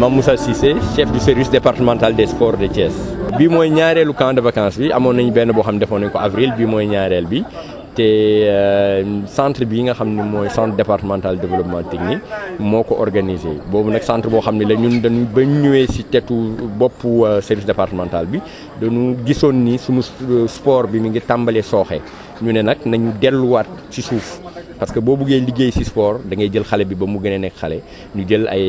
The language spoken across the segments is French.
Mamoussa Cissé chef du service départemental des sports de Thiès. bi moy ñaarelu camp de vacances bi amoon nañu benn boo xam ne nañ ko avril bi moy ñaarel bi té euh, centre bi nga xam moy centre départemental développement technique moko organiser organisé nak centre bo xam la ñun dañu ba ñëwee ci tétu boppu euh, service départemental bi ñu gisoon ni suñu euh, sport bi mi ngi tambalé soxé ñu né nak nañu delluwaat ci suuf parce que boo buggee liggéey ci sport da ngay jël xalé bi ba mu gëné nek xalé ñu jël ay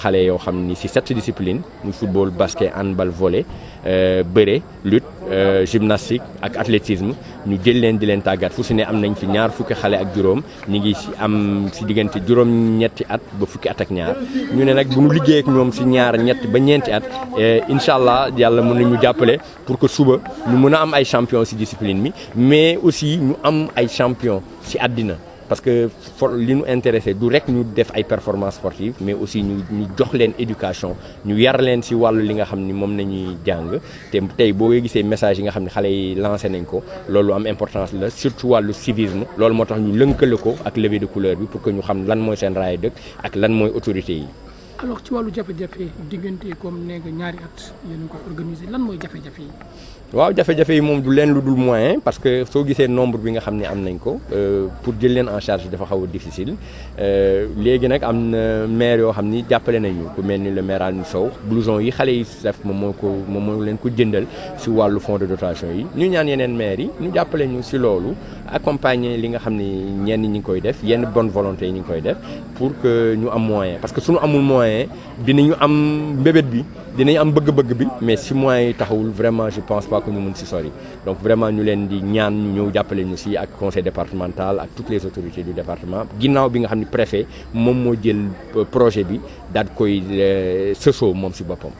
xalé yo xamni ci sept disciplines muy football basket handball volley euh béré lutte euh gymnastique ak athlétisme ñu jël leen di leen tagat fu ci ne am nañ fi ñaar fukki xalé ak juroom ñi ngi ci am ci diggante juróom-ñetti at ba fukki at ak ñaar ñu né nak bu ñu liggéey ak ñoom ci ñaar ñett ba ñeenti at euh, incha allah yàlla mën ñu jappalé pour que suba ñu mëna am ay champion ci discipline mi mais aussi ñu am ay champion ci adina parce que for li nous intéresser du rek ñu def ay performance sportive mais aussi ñu ñu jox leen éducation ñu yar leen ci walu li nga xamni mom moom nañuy jàng te tey boo message yi nga xamni xalé yi lancé nañ ko loolu am importance la surtout walu civisme loolu motax ñu leunkel ko ak levée de couleur bi pour que ñu xam lan moy sen raay dëkk ak lan moy autorité yi alors ci walu jafé jafé digënté comme nga ñaari at yéen ko organisé lan moy jafé jafé yi waaw jafe-jafe yi moom du leen moyen parce que soo gisee nombre bi nga xam am euh, pour jël en charge dafa xaw a difficile euh, léegi nag am na maire yoo xam ni jàppale nañu ku mel le maire nous. Sow blouson yi xale yi def moom moo ko moom moo ko jëndal si wàllu fonds de dotation yi ñu ñaan yeneen maire yi ñu jàppale ñu si loolu accompagner li nga xam ni ñenn ñi koy def yenn bonne volonté yi koy pour que ñu am moyen parce que suñu amul moyen dinañu am mbébét bi dinañ am bëgg-bëgg bi mais si moyens yi taxawul vraiment je pense pas que ñu mun si sori donc vraiment ñu leen di ñaan ñu ñëw ñu si ak conseil départemental ak toutes les autorités du département ginnaaw bi nga xam préfet moom moo jël euh, projet bi daal koy euh, sësoo moom si boppam.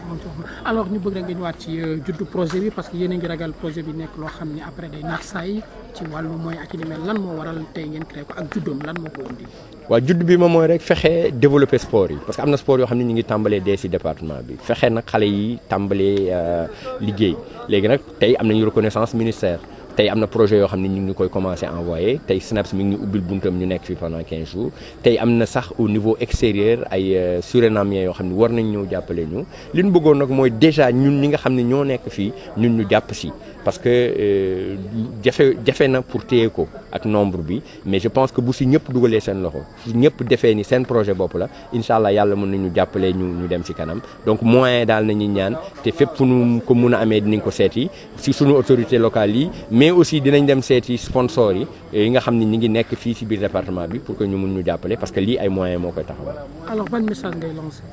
alors ñu bëgg rek nga ñëwaat ci euh, juddu projet bi parce que yéen a ngi ragal projet bi nekk loo xam après des naax saa yi ci wàllu mooy ak li mel lan moo waral tey ngeen créé ko ak juddoom lan moo ko indi waaw judd bi moom mooy rek fexe développer sport yi parce que am na sport yoo xam ne ñu ngi tàmbalee dee ci département bi fexe nag xale yi tàmbalee euh, liggéey léegi nag tey am nañu reconnaissance ministère tey am na projet yoo xam ne ñu ngi koy commencé envoyé tey SNAPS mi ngi ñu ubbil buntam ñu nekk fi pendant 15 jours tey am na sax au niveau extérieur ay euh, Surinamiens yoo xam ne war nañ ñëw jàppale ñu li ñu bëggoon nag mooy déjà ñun ñi nga xam ne ñoo nekk fii ñun ñu jàpp si parce que euh, jafé na pour téyé ko ak nombre bi mais je pense que bu si ñëpp dugalee seen loxo su ñëpp defee ni sen projet bop la inshallah yalla yàlla ñu jappalé ñu ñu dem ci kanam donc moyen daal nañu ñaan té fep fu nu ko mëna amé dinañ ko séti ci suñu autorité locale yi mais aussi dinañ dem séti sponsor yi yi nga xamni ñi ngi nekk fi ci biir département bi pour que ñu mun ñu parce que li ay moyens moo koy taxawal. alors ban message ngay lancer.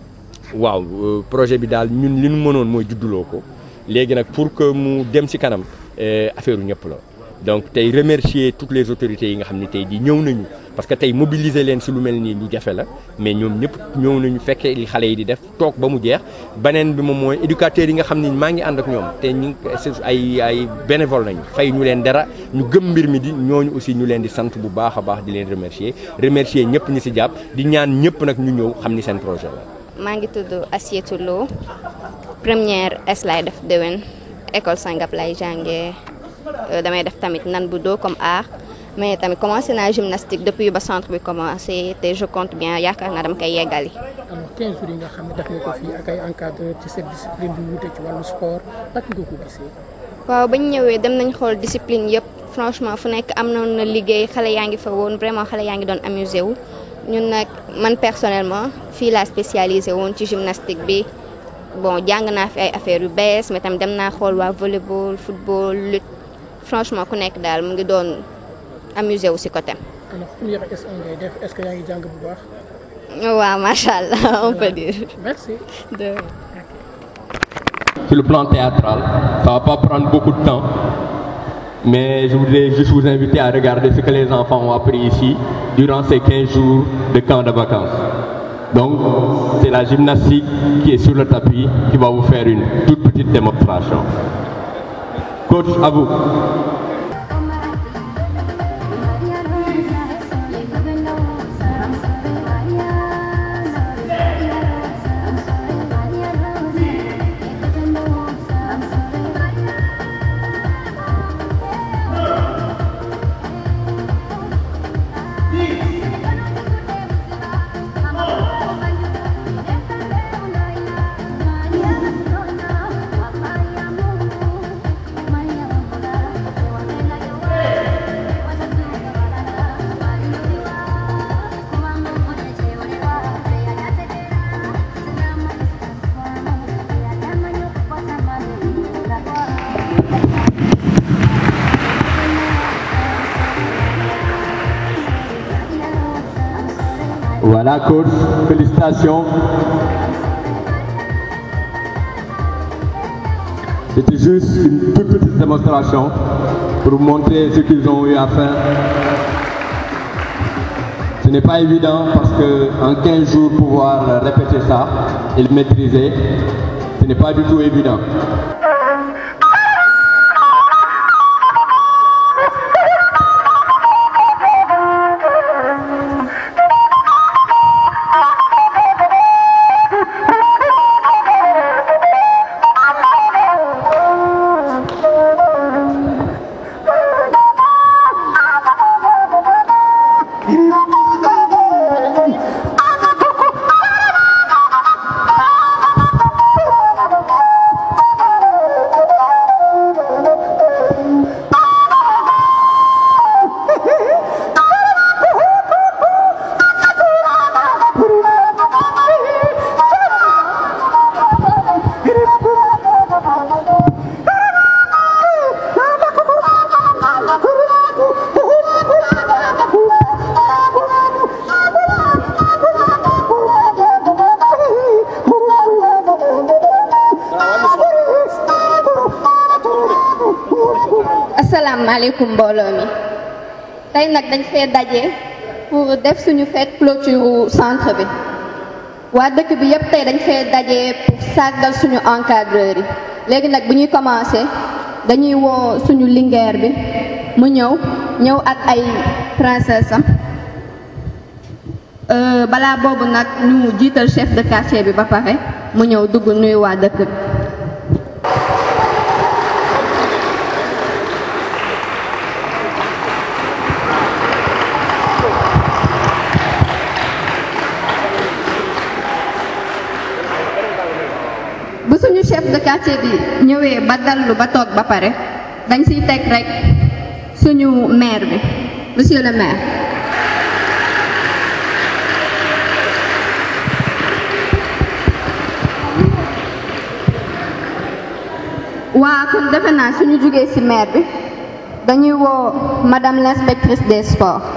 waaw euh, projet bi dal ñun li ñu mënoon mooy judduloo léegi nag pour que mu dem ci kanam euh affaire ñep la donc tay remercier toutes les autorités yi nga xamni tay di ñew nañu parce que tay mobiliser len ci lu melni nii lu jafe la mais ñom ñep ñew nañu féké li xalé yi di def tok ba mu jeex benen bi moom moy éducateur yi nga xamni ni maa ngi ànd ak ñom te ñu eh, ay ay bénévole nañu fay ñu len dara ñu gëm mbir mi di ñooñu aussi ñu len di sante bu baaxa baax di len remercier remercier ñep ñi ci japp di ñaan ñep nak ñu ñew xamni sen projet la. maa ngi tudd Assietou Lo première slide laay def déwén école Sangap lay jangé euh damay def tamit nan bu doo comme art mais tamit commencé na gymnastique depuis ba centre bi commencé te je compte bien yaakaar naa dama koy yeggali. alors 15 jours nga xam ne def nga ko ak ay encadre ci cette discipline bi wute ci walu sport tak nga ko gisee. waaw bañ ñëwé dem nañ xol discipline yépp franchement fu nek amna na liggéey xalé yaangi fa woon vraiment xalé yaangi ngi doon amusé wu ñun nak man personnellement fi la spécialisé woon ci gymnastique bi bon jang naa fi ay affaires yu mais tam dem naa xool volleyball football lutte franchement ku nekk daal mu ngi doon amusé première est-ce que vous avez jàng bu baax. Oui, macha on peut dire. merci. Sur le plan théâtral, ça va pas prendre beaucoup de temps, mais je voudrais juste vous inviter à regarder ce que les enfants ont appris ici durant ces 15 jours de camp de vacances. Donc, c'est la gymnastique qui est sur le tapis qui va vous faire une toute petite démonstration. Coach, à vous. la course. Félicitations. C'était juste une toute petite démonstration pour vous montrer ce qu'ils ont eu à faire. Ce n'est pas évident parce qu'en 15 jours, pouvoir répéter ça et le maîtriser, ce n'est pas du tout évident. asalaamaaleykum mbooloo mi tey nag dañ fee daje pour def suñu fête clôture centre bi waa dëkk bi yépp tey dañ fee daje pour sargal suñu encadreur yi léegi nag bu ñuy commencé dañuy woo suñu lingeer bi mu ñëw ñëw ak ay princesse am euh, balaa boobu nag ñu jiital chef de quartier bi ba pare mu ñëw dugg nuyu waa dëkk bi quartier bi ñëwee ba dallu ba toog ba pare dañ siy teg rek suñu maire bi monsieur le maire waa kon defe naa suñu jugee ci maire bi dañuy woo madame l'inspectrice des sports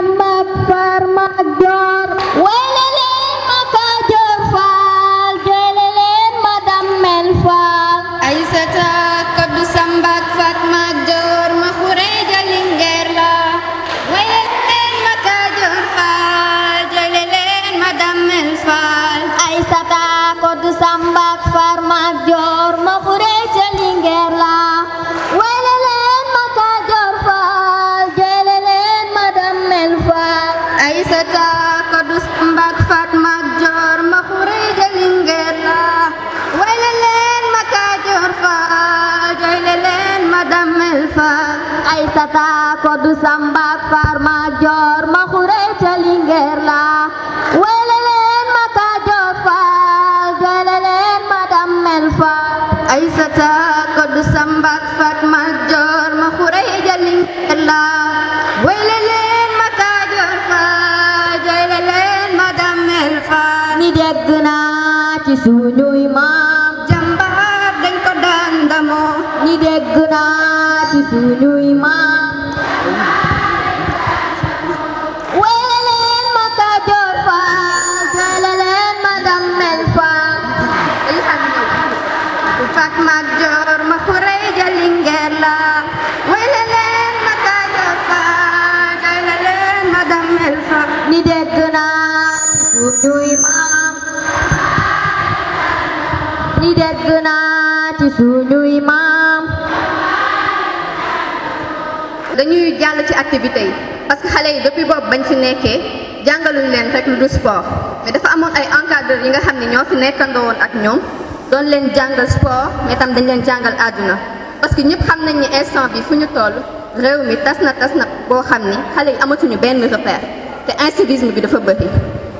samba far ma joor ma xure ca lingeer la wele leen ma Kajoor faal wele leen ma dammel faal ay sata koddu samba fat ma joor ma xure ca lingeer la wele leen ma Kajoor faal wele leen ma dammel faal ni dégg naa ci suñuy maam jàmbaar dañ ko daan damoo ni dégg naa ci suñuy maam Fatmajor Makhurey Jalingela wayla leen ma kaajafa Madam leen madam dammel fa ni dégg naa suñu imaam ni dégg naa ci suñu imaam dañuy jàll ci activité yi parce que xale yi depuis boobu bañ fi nekkee jàngaluñ leen rek lu du sport mais dafa amoon ay encadreur yi nga xam ne ñoo fi nekkandoo woon ak ñoom doon leen jàngal sport mais dañ leen jàngal àdduna parce que ñëpp xam nañ ni instant bi fu ñu toll réew mi tas na tas na boo xam ni xale yi amatuñu benn repère te incivisme bi dafa bëri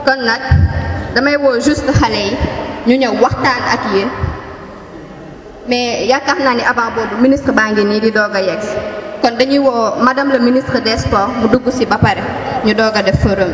kon nag damay woo juste xale yi ñu ñëw waxtaan ak yéen mais yaakaar naa ni avant boobu ministre baa ngi nii di doog a yegg kon dañuy woo madame le ministre des sports mu dugg ci ba pare ñu doog a def forum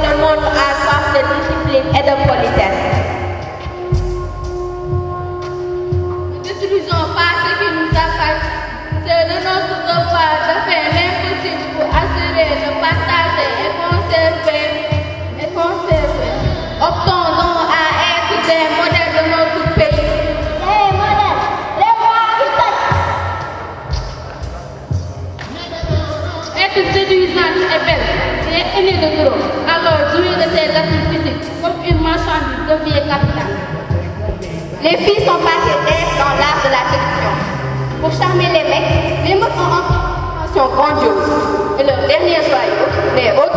le monde a soif de discipline et de politesse. Nous détruisons pas ce qui nous attache. C'est de notre devoir de faire l'impossible pour assurer le partage et conserver charmer les mecs, les mecs ont une attention grandiose. Et leur dernier joyau, les autres,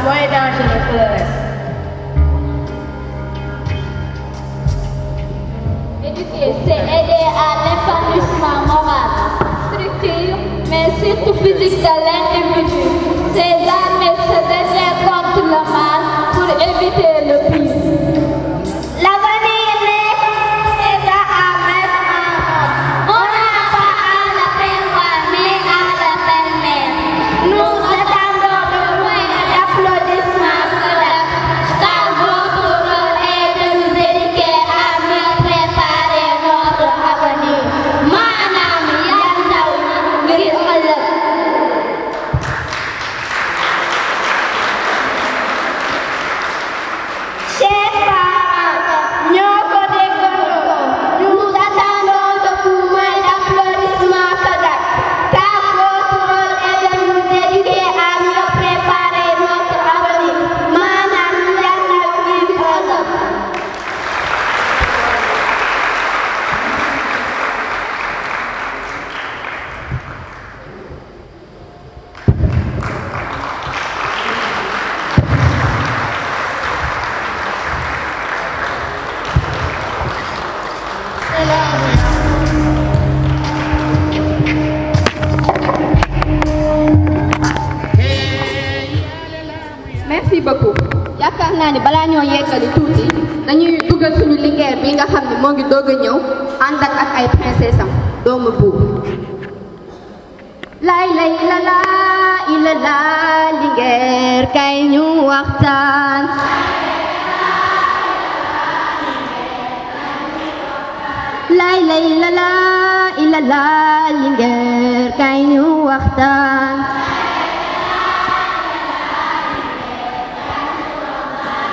I'm way down to the first. Éduquer, c'est aider à l'épanouissement moral, structure, mais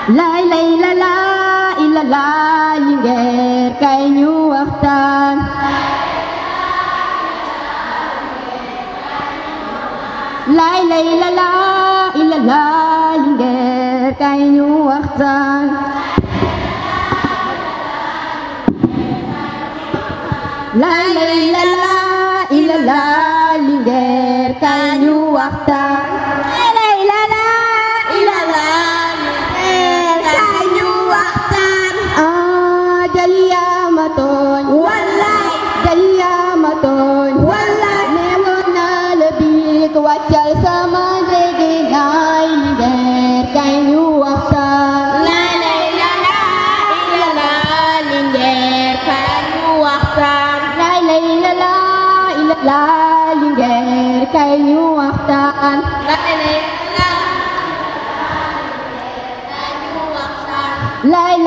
lay lay la la ila la lingeer kay ñu waxtaan lay lay la la ila la lingeer kay ñu waxtaan lay lay la la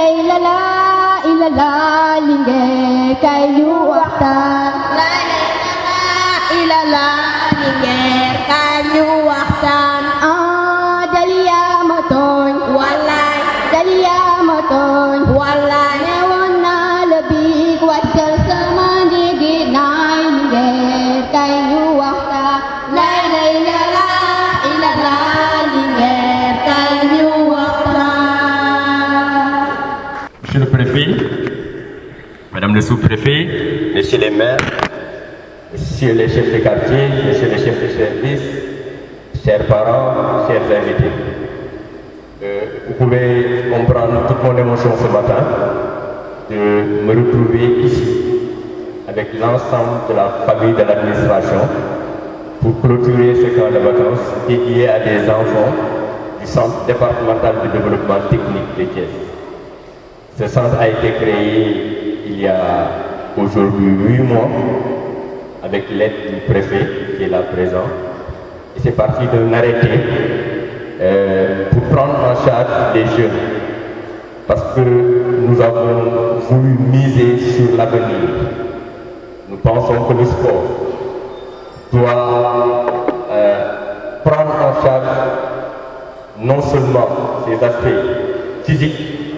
lay la laa ila laa li ngeen kay ñu laa ila laa li sous-préfet, monsieur les maires, messieurs les chefs de quartier, messieurs les chefs de service, chers parents, chers invités. Euh, vous pouvez comprendre toute mon émotion ce matin de me retrouver ici avec l'ensemble de la famille de l'administration pour clôturer ce camp de vacances dédié à des enfants du Centre départemental de développement technique de Thiès. Ce centre a été créé il y a aujourd'hui huit mois, avec l'aide du préfet qui est là présent. Et c'est parti de arrêté euh, pour prendre en charge les jeunes. Parce que nous avons voulu miser sur l'avenir. Nous pensons que le sport doit euh, prendre en charge non seulement ses aspects physiques,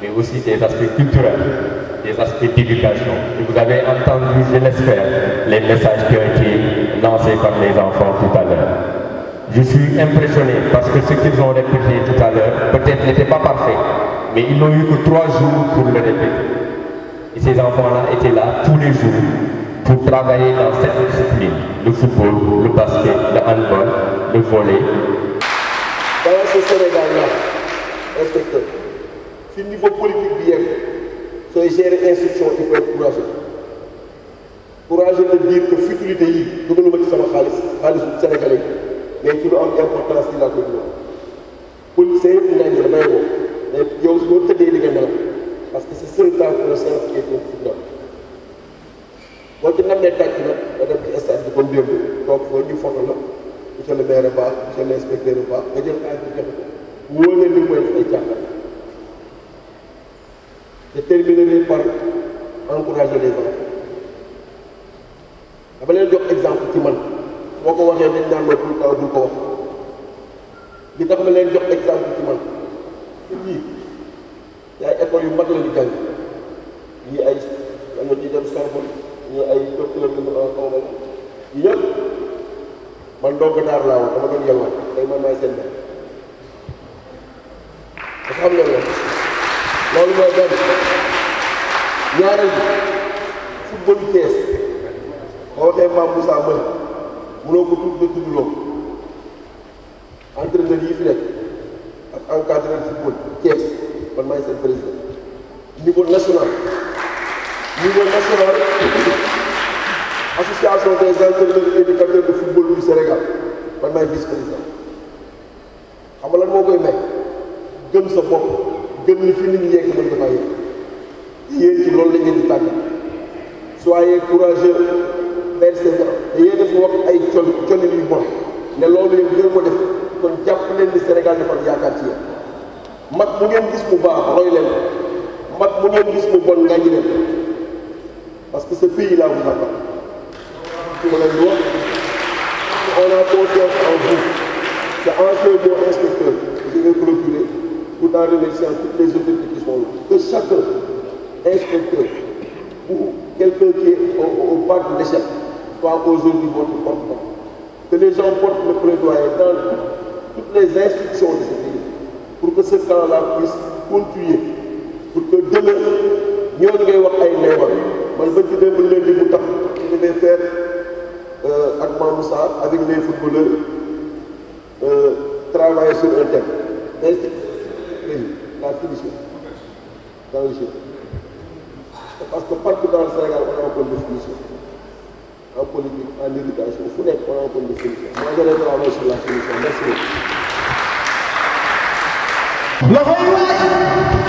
mais aussi ses aspects culturels des aspects d'éducation. Vous avez entendu, je l'espère, les messages qui ont été lancés par les enfants tout à l'heure. Je suis impressionné parce que ce qu'ils ont répété tout à l'heure peut-être n'était pas parfait, mais ils n'ont eu que trois jours pour le répéter. Et ces enfants-là étaient là tous les jours pour travailler dans cette discipline, le football, le basket, le handball, le volley. Dans ce sénégal inspecteur, le niveau politique bien sooy gérer instruction il faut être courageux courageux de dire que futilité yi dugaluma ci sama xaalis xaalisu sénégalais mais ci lu am importance di laa koy dugal pour seen nañ la may woo mais yow boo tëddee di nga nelaw parce que c'est seul temps pour le sens qui est pour boo ci nam ne tàcc nag nga dem ci stade bi baax monsieur l'inspecteur baax mooy ay càqal Je terminerai par encourager les enfants dama leen jox exemple ci man boo ko waxee dañ naan ma tout le temps ko wax li tax ma leen jox exemple ci man lii yaay école yu mag la ñu jàng lii ay am ay docteur numéro un xaw ma ñëpp man ndongo daar laa woon dama doon yalwaan tey man maay seen benn nga xam loolu loolu mooy benn ñaareel bi football Thiès boo waxee maam Moussa Mbëne mënoo ko tudd ba tuddloo entraîneur yi fi nekk ak encadreur football Thiès man maay seen président niveau national niveau national association des entraîneurs et éducateurs de football du Sénégal man maay vice président xam nga moo koy may gëm sa bopp gën ñu fi nit ñi yegg mën dafaa yegg yéen loolu la ngeen di tàgg soyez courageux persévérant yéen wax ay col colin yu bon ne loolu yëpp ngeen ko def kon jàpp leen ni Sénégal dafa am yaakaar ci yéen mag mu ngeen gis mu baax roy leen mag mu ngeen gis mu bon ngàññi leen parce que ce pays là vous attend ma leen di wax on a confiance en vous te en ce inspecteur je vais clôturer pour en à toutes les autorités qui sont là. Que chacun, inspecteur ou quelqu'un qui est au, parc bas de l'échelle, soit aujourd'hui votre porte Que les gens portent le plaidoyer dans toutes les instructions de ce pays pour que ce camp-là puisse continuer, pour que demain, nous ayons pas gens je vais faire euh, avec Moussa, avec les footballeurs, euh, travailler sur un thème. la solution. Dans le jeu. Parce que partout dans le Sénégal, on rencontre des solutions. En politique, en éducation, il faut être, on rencontre des solutions. Moi, je lève la main sur la solution. Merci beaucoup.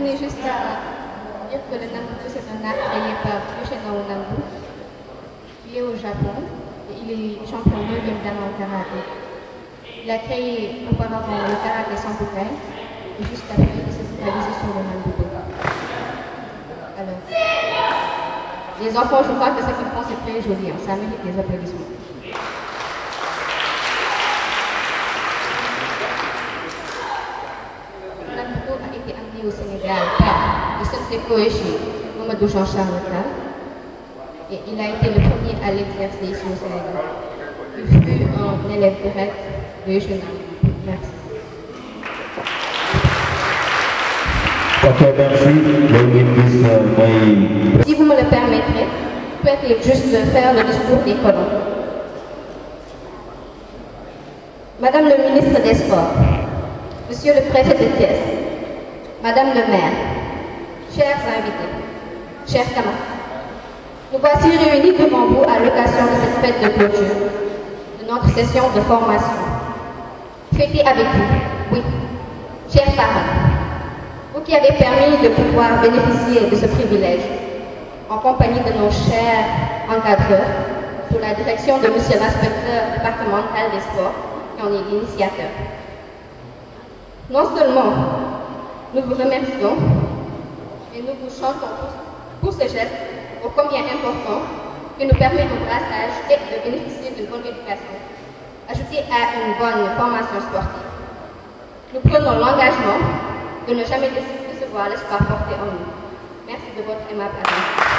Je tenais juste dire que le Nambu, c'est un art créé par chez Nambu, qui est au Japon. et Il est champion de d'art en karaté. Il a créé auparavant le karaté sambukai, et juste après, il s'est focalisé sur le Nambu Alors, les enfants, je crois que ce qu'ils font, c'est très joli, hein. ça mérite des applaudissements. Jean-Charles et il a été le premier à l'exercer au Il fut un élève direct de Eugénie. Merci. Si vous me le permettrez, peut-être juste faire le discours des colons. Madame le ministre des Sports, Monsieur le préfet de Thiès, Madame le maire, chers invités, chers camarades, nous voici réunis devant vous à l'occasion de cette fête de clôture, de notre session de formation. Fêtez avec vous, oui, chers parents, vous qui avez permis de pouvoir bénéficier de ce privilège, en compagnie de nos chers encadreurs, sous la direction de M. l'inspecteur départemental des sports, qui en est l'initiateur. Non seulement nous vous remercions et nous vous chantons pour ce geste ô combien important que nous permet de brassage et de bénéficier d'une bonne éducation, ajoutée à une bonne formation sportive. Nous prenons l'engagement de ne jamais décevoir l'espoir porté en nous. Merci de votre aimable attention.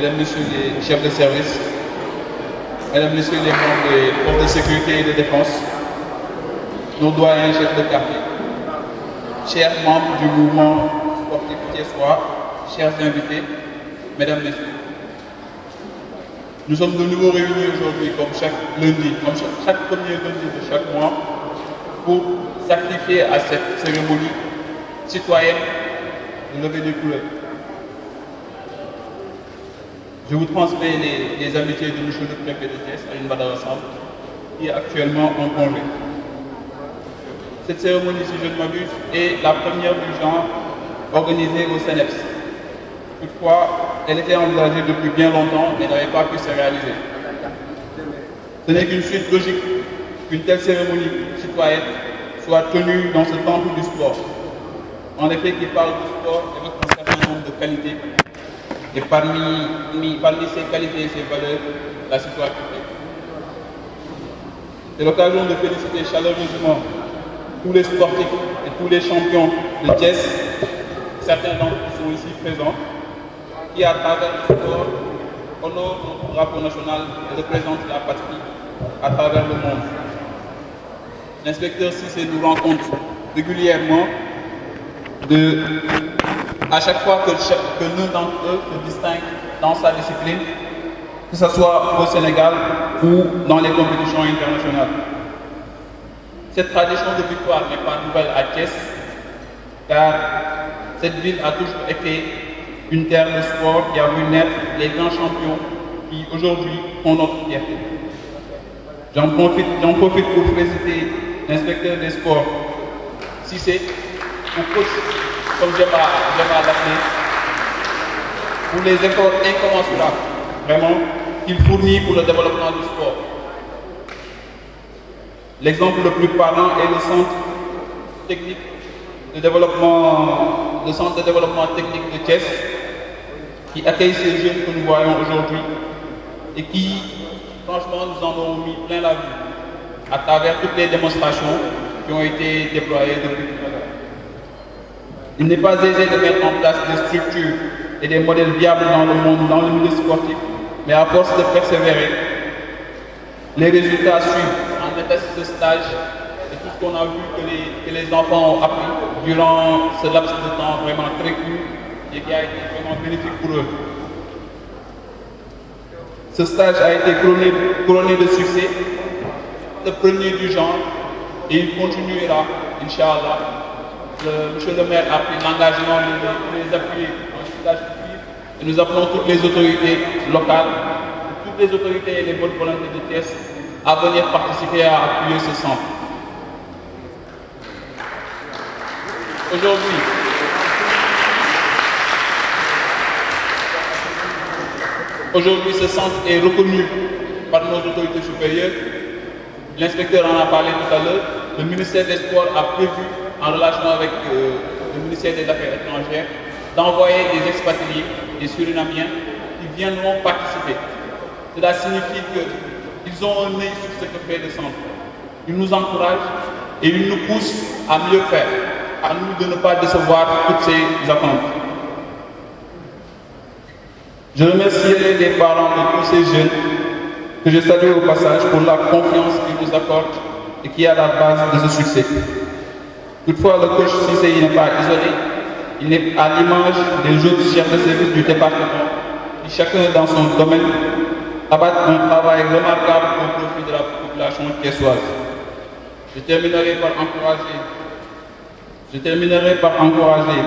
Mesdames, Messieurs les chefs de service, Mesdames, Messieurs les membres des forces de sécurité et de défense, nos doyens chefs de quartier, chers membres du mouvement sportif soir, chers invités, Mesdames, Messieurs, nous sommes de nouveau réunis aujourd'hui, comme chaque lundi, comme chaque, premier lundi de chaque mois, pour sacrifier à cette cérémonie citoyenne de lever des couleurs. Je vous transmets les, les amitiés de M. le préfet de Thiès, Aline qui est actuellement en congé. Cette cérémonie, si je ne m'abuse, est la première du genre organisée au CNEPS. Toutefois, elle était envisagée depuis bien longtemps, mais n'avait pas pu se réaliser. Ce n'est qu'une suite logique qu'une telle cérémonie citoyenne soit tenue dans ce temple du sport. En effet, qui parle du sport et un certain nombre de qualités et parmi, parmi ses qualités et ses valeurs, la citoyenneté. C'est l'occasion de féliciter chaleureusement tous les sportifs et tous les champions de chess, certains d'entre eux sont ici présents, qui à travers le sport honorent notre drapeau national et représentent la patrie à travers le monde. L'inspecteur Cissé nous rencontre régulièrement de à chaque fois que, nous, l'un d'entre eux se distingue dans sa discipline, que ce soit au Sénégal ou dans les compétitions internationales. Cette tradition de victoire n'est pas nouvelle à Thiès, car cette ville a toujours été une terre de sport qui a vu naître les grands champions qui aujourd'hui font notre fierté. J'en profite, pour féliciter l'inspecteur des sports, c'est pour coach comme j'ai pour les efforts incommensurables, vraiment, qu'il fournit pour le développement du sport. L'exemple le plus parlant est le centre technique de développement, le centre de développement technique de Thiès, qui accueille ces jeunes que nous voyons aujourd'hui et qui, franchement, nous en ont mis plein la vue à travers toutes les démonstrations qui ont été déployées depuis il n'est pas aisé de mettre en place des structures et des modèles viables dans le monde, dans le milieu sportif, mais à force de persévérer, les résultats suivent. En détail ce stage et tout ce qu'on a vu que les, enfants ont appris durant ce laps de temps vraiment très court et qui a été vraiment bénéfique pour eux. Ce stage a été couronné, couronné de succès, le premier du genre, et il continuera, Inch'Allah, le, monsieur le maire a pris l'engagement de les appuyer en et nous appelons toutes les autorités locales, toutes les autorités et les bonnes volontés de TES à venir participer à appuyer ce centre. Aujourd'hui, aujourd'hui ce centre est reconnu par nos autorités supérieures. L'inspecteur en a parlé tout à l'heure. Le ministère des Sports a prévu en relation avec euh, le ministère des Affaires étrangères, d'envoyer des expatriés, des Surinamiens, qui viendront participer. Cela signifie qu'ils ont un œil sur ce que fait le centre. Ils nous encouragent et ils nous poussent à mieux faire, à nous de ne pas décevoir toutes ces attentes. Je remercie les parents de tous ces jeunes que je salue au passage pour la confiance qu'ils nous accordent et qui est à la base de ce succès. Toutefois, le coach Cissé n'est pas isolé. Il est à l'image des autres chefs de service du département qui, chacun dans son domaine, abattent un travail remarquable au profit de la population caissoise. Je terminerai par encourager, je terminerai par encourager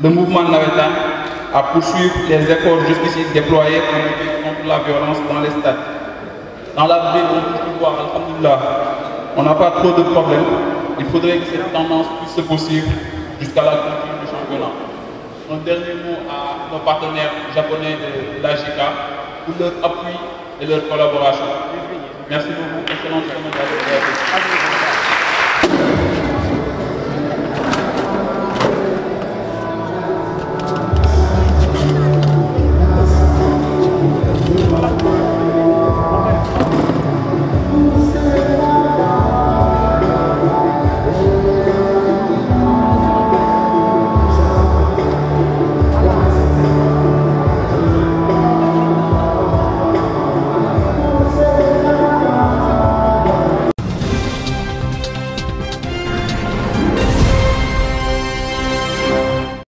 le mouvement Navetan à poursuivre les efforts jusqu'ici déployés contre la violence dans les stades. Dans la ville, on peut voir, on n'a pas trop de problèmes. Il faudrait que cette tendance puisse se possible jusqu'à la conclusion du championnat. Un dernier mot à nos partenaires japonais de la pour leur appui et leur collaboration. Merci beaucoup. Excellente journée